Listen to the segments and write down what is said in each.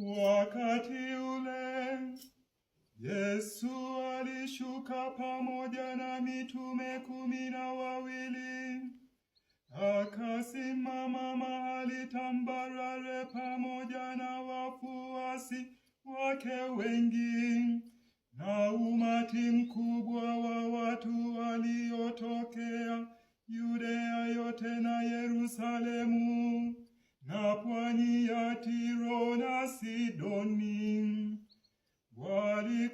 Wakati ule Yesu alishuka pamoja na mitume kumi na wawili, akasimama mahali tambarare pamoja na wafuasi wake wengi na umati mkubwa wa watu wali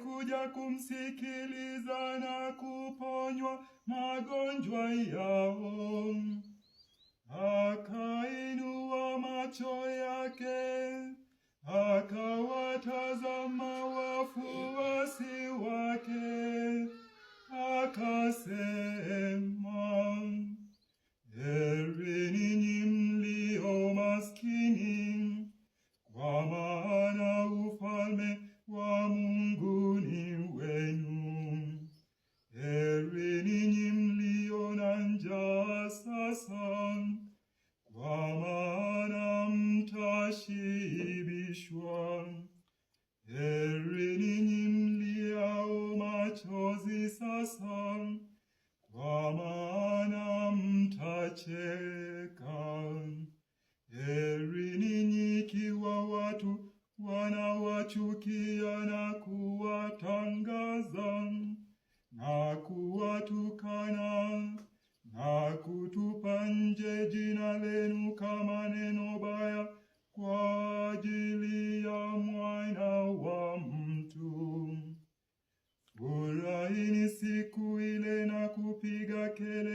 walikuja kumsikiliza na kuponywa magonjwa yao. Akainua macho yake akawatazama wafuasi wake akasema wanacheka, Heri ninyi ikiwa watu wanawachukia na kuwatangaza na kuwatukana na kutupa nje jina lenu kama neno baya kwa ajili ya mwana wa mtu. Furahini siku ile na kupiga kelele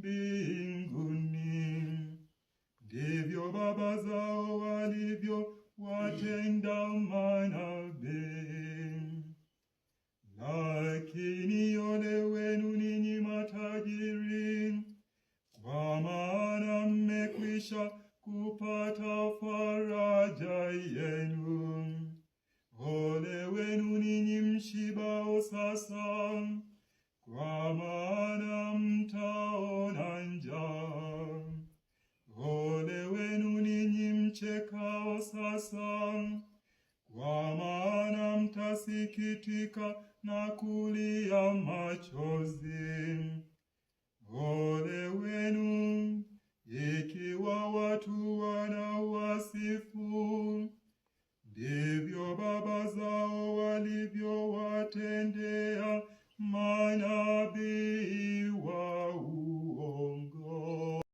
be sasa, kwa maana mtasikitika na kulia machozi. Ole wenu ikiwa watu wanawasifu, ndivyo baba zao walivyowatendea manabii wao.